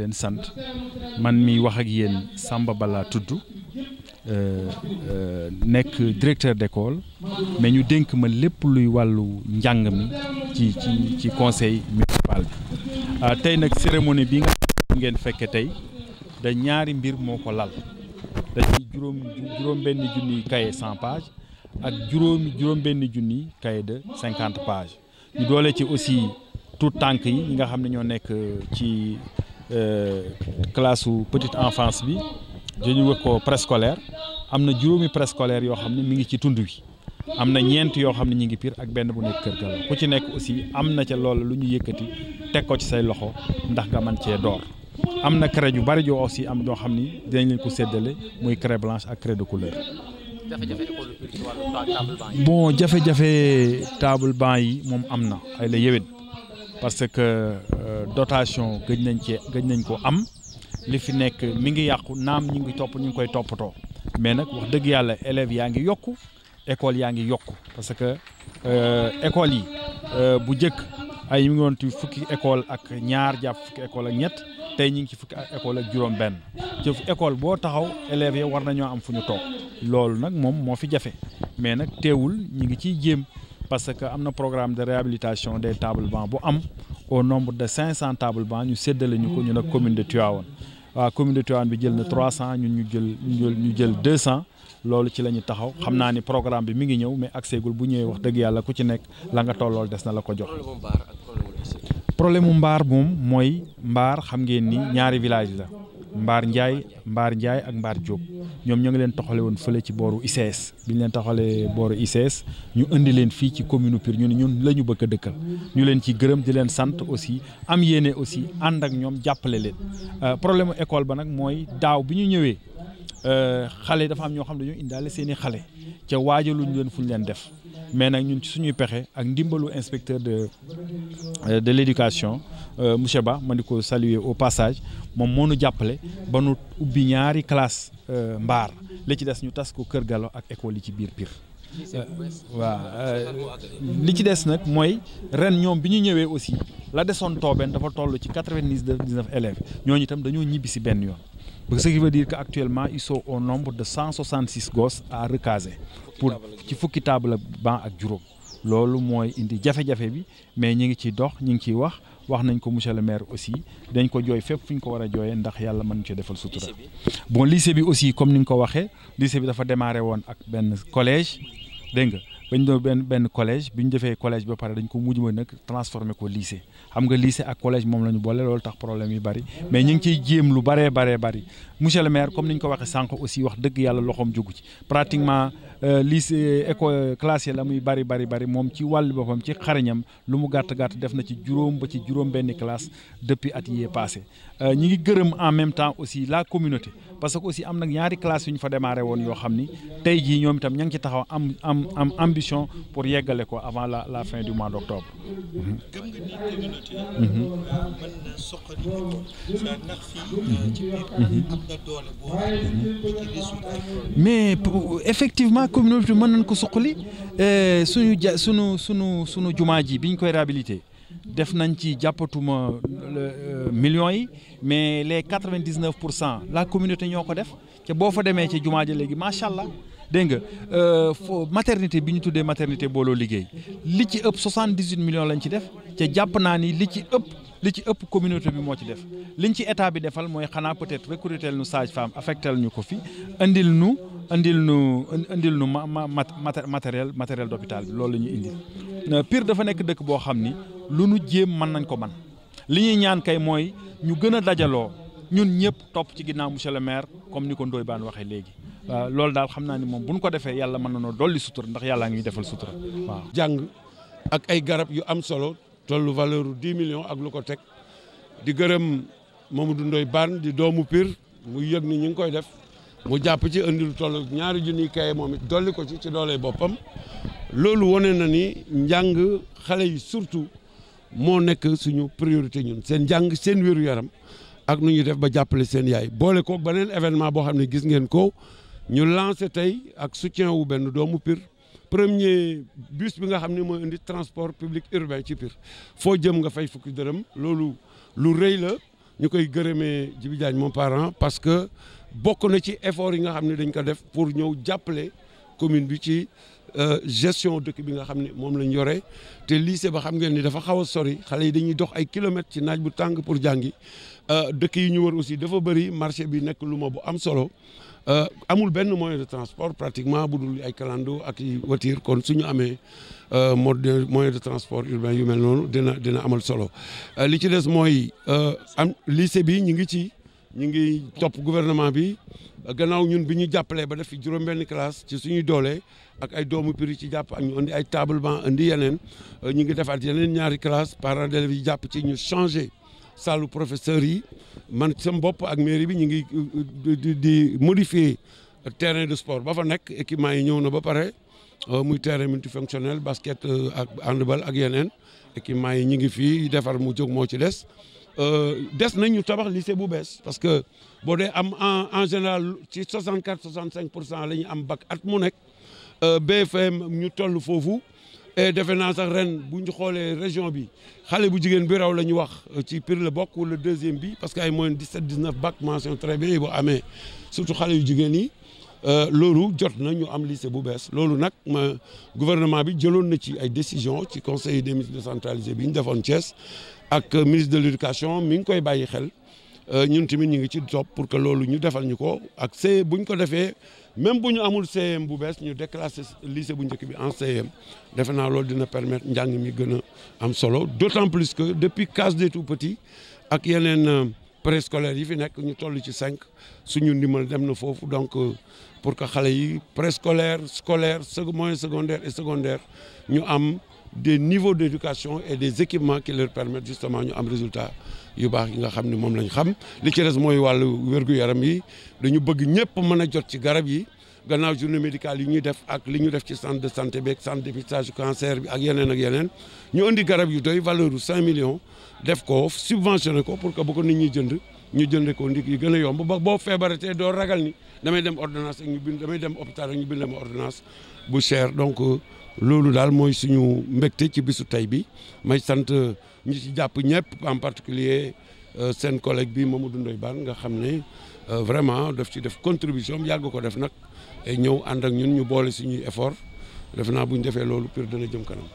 leen sant man mi wax ak yéen sàmba balaa tudd euh, euh, nekk directeur d'école mais ñu dénk ma lépp luy wàllu njàng mi ci ci ci conseil municipal bi euh, tey nag cérémonie bi nga ngeen fekke tey da ñaari mbir moo lal dañuy juróom juróom ak juróomi juróom benn junniy cinquante page doole ci aussi tout tànk yi ñi nga xam ne ñoo nekk ci Euh, classe su petite enfance bi dañu wax ko préscolaire am na juróomi préscolaire yoo xam ne mi ngi ci tund wi am na ñeent yoo xam ne ñu ngi piir ak benn bu nekk kër ga la ku ci nekk aussi am na ca loolu lu ñu yëkkati teg ko ci say loxo ndax nga mën cee door am na craie yu bari joo si am yoo xam ni dinañ leen ko séddale muy craie blanche ak craie de couleur. bon jafe-jafe table banc yi moom am na ay la yéwén parce que euh, dotation gëj nañ cee gëj nañ ko am li fi nekk mi ngi yàqu naam ñu ngi topp ñu ngi koy toppatoo mais nag wax dëgg yàlla élèves yaa ngi yokku école yaa ngi yokku parce que euh, école yi euh, bu njëkk ay mi ngi woon ci fukki école ak ñaar jàpp fukki école ak ñett tey ñu ngi ci fukki ak école ak juróom-benn ci école boo taxaw élèves yi war nañoo am fu ñu toog loolu nag moom moo fi jafe mais nag teewul ñu ngi ciy jéem. parce que am na programme de réhabilitation des tables bancs bu am au nombre de cinq cent ñu séddale ñu ko ñu nag commune de Tivaouane waa commune de Tivaouane bi jël na trois cent ñun ñu jël ñu jël deux cent loolu ci la ñu taxaw xam naa ni programme bi mi ngi ñëw mais accès bu ñëwee wax dëgg yàlla ku ci nekk la nga tollool des na la ko jox problème mu mbaar moom mooy mbaar xam ngeen ni ñaari village la Mbaar Ndiaye Mbaar Ndiaye ak Mbaar Diop ñoom ñoo ngi leen taxale woon fële ci booru ICS bi ñu leen taxalee booru ICS ñu indi leen fii ci commune Pire ñu ne ñun la ñu bëgg a dëkkal ñu leen ci gërëm di leen sant aussi am yéene aussi ànd ak ñoom jàppale leen euh, problème école ba nag mooy daaw bi ñu ñëwee euh, xale dafa am ñoo xam ne dañoo indaale seen i xale ca waajaluñ leen fuñ leen def mais nag ñun ci suñuy pexe ak ndimbalu inspecteur de euh, de l'éducation Euh, monsieur Ba ma di ko saluer au passage moom moo jàppale ba nu ubbi ñaari classe euh, mbaar li ci des ñu tas ko Kër galo ak école yi ci biir Pire. Euh, waa li ci des nag mooy ren ñoom bi ñu ñëwee aussi la desoon toobeen dafa toll ci quatre-vingt-dix-neuf élèves ñooñu itam dañoo ñibbi si benn yoon. ce qui veut dire que actuellement ils au nombre de cent soixante six gosses à recaser pour ci fukki table banc ak juróom loolu mooy indi jafe-jafe bi mais ñu ngi ciy dox ñu ngi ciy wax. wax nañ ko monsieur le maire aussi dañ ko jooy fépp fu ñu ko war a jooyee ndax yàlla mën ci defal sutura bon lycée bi aussi comme ni nga ko waxee lycée bi dafa démarré woon ak benn collège dégg nga bañ doon benn benn collège bi ñu defee collège ba pare dañ ko mujj nag transformé ko lycée xam nga lycée ak collège moom la boole loolu tax problème yu bari mais ñu ngi ciy lu baree baree bari monsieur comme ni ñu ko waxee sànq aussi wax dëgg yàlla loxoom jugu ci pratiquement euh, lycée école classe la muy bari bari bari moom ci wàll boppam ci xariñam lu mu gàtt gàtt def na ci juróom ba ci juróom benn classe depuis at yii passé euh, ñi ngi la communauté parce que aussi pour yeggale ko avant la la fin du mois d' octobre. gëm nga ni communauté. Mhm. mën na soqali mhm. mhm. nañ ko suqali euh, suñu ja suñu suñu suñu jumaa ji bi ñu koy réhabilité. def nañ ci jàppatuma euh, millions yi mais les quatre vingt dix neuf pour cent la communauté ñoo ko def. te boo fa demee ci jumaa ja léegi macha allah dégg nga euh, maternité bi ñu tuddee maternité booloo liggéey li ci ëpp 78 millions lañ ci def te jàpp naa ni li ci ëpp li ci ëpp communauté bi moo ci def li liñ ci état bi defal mooy xanaa peut-être recruter nu sage femme affecté ñu ko fi indil nu indil nu indil nu ma matériel matériel d'hôpital bi loolu la ñu indil euh, Pire dafa nekk dëkk boo xam ni lu nu jéem mën nañ ko man li ñuy ñaan kay mooy ñu gën a dajaloo. ñun ñëpp topp ci ginnaaw monsieur le maire comme ni ko Ndoye baan waxee léegi loolu daal xam naa ni moom bu ñu ko defee yàlla mën na noo dolli sutura ndax yàllaa ngi defal sutura waaw. jàng ak ay garab yu am solo tollu valeur bu 10 millions ak lu ko teg di gërëm Mamadou Ndoye Bane di doomu piir mu yëg ni ñu ngi koy def mu jàpp ci indi lu toll ñaari junniy kaye moom it dolli ko ci ci doolee boppam loolu wane na ni njàng xale yi surtout moo nekk suñu priorité ñun seen njàng seen wéru yaram. ak nu ñuy def ba jàppale seen yaay boole ko beneen événement boo xam ne gis ngeen ko ñu lancé tey ak soutien wu benn doomu Pire premier bus bi nga xam ne mooy indi transport public urbain ci piir foo jëm nga fay fukki dërëm loolu lu rëy la ñu koy gërëmee Djibi Diagne mon parent parce que bokk na ci effort yi nga xam ne dañ ko def pour ñëw jàppale commune bi ci euh, gestion dëkk bi nga xam ne moom lañ yore te lycée ba xam ngeen ni dafa xaw a sori xale yi dañuy dox ay kilomètres ci naaj bu tàng pour jàngi Euh, dëkk yi ñu wër aussi dafa bëri marché bi nekk lu ma bu am solo euh, amul benn moyen de transport pratiquement bu dul ay kalando ak i voiture kon suñu amee euh, mode de moyen de transport urbain yu mel noonu dina dina amal solo li ci des mooy am lycée bi ñu ngi ci ñu ngi topp gouvernement bi gannaaw ñun bi ñu jàppalee ba def fi juróom-benn classe ci suñuy doole ak ay doomu prix ci jàpp ak ñu indi ay table banc indi yeneen ñu ngi defaat yeneen ñaari classe parents d'élèves yi jàpp ci ñu changé saalu professeur yi man sam bopp ak mairie bi ñu ngi euh, di di modifier terrain de sport ba fa nekk équipement yi ñëw na ba pare euh, muy terrain multifonctionnel basket euh, ak bal ak yeneen équipement yi ñu ngi fii defar mu jóg moo ci des des nañ ñu tabax lycée bu bees parce que boo dee am en en général ci 64 cinq pour cent la ñu am bac at mu nekk BFM ñu toll foofu. et eh, defe naa sax ren bu ñu xoolee région bi xale bu jigéen bi raw la ñu wax euh, ci pir la bokk wala deuxième bi parce que ay moyenne 17 19 bac mention très bien bu amee surtout xale yu jigéen yi euh, loolu jot na ñu am lycée bu bees loolu nag ma gouvernement bi jëloon na ci ay décision ci conseil des de décentralisé bi ñu defoon Thiès ak euh, ministre de l'éducation mi ngi koy bàyyi xel ñun tamit ñu ngi ci topp pour que loolu ñu defal ñu ko ak c'est buñ ko defee. même bu ñu amul CEM bu bees ñu déclassé lycée bu njëkk bi en CEM defe naa loolu dina permettre njàng mi gën a am solo d'autant plus que depuis case des tout petits ak yeneen euh, préscolaire yi fi nekk ñu toll ci cinq suñu ndimal dem na foofu donc euh, pour que xale yi préscolaire scolaire moyen segondaire et secondaire ñu am des niveaux d'éducation et des équipements qui leur permettent justement ñu am résultat yu baax yi xam ne moom lañu xam li ci des mooy wàllu wér-gu-yaram yi dañu bëgg ñëpp mën a jot ci garab yi gannaaw journée médicale yi ñuy def ak li ñu def ci centre de santé bi ak centre de dépistage cancer bi ak yeneen ak yeneen ñu indi garab yi doy valeur u 5 millions def ko subventionné ko pour que bu ni nit ñi jënd ñu jënd ko ndik yi gën a yomb ba boo feebaratee doo ragal ni damay dem ordonnance ak ñu bind damay dem hôpital ak ñu bind ma ordonnance bu cher donc euh, loolu daal mooy suñu mbégte ci bisu tey bi may sant euh, ñu ci jàpp ñëpp en particulier euh, seen collègue bi Mamadou Ndoye Bane nga xam ne vraiment daf ci def contribution yàgg ko def nag ñëw ànd ak ñun ñu boole suñuy effort def naa bu ñu defee loolu pur dana jëm kanam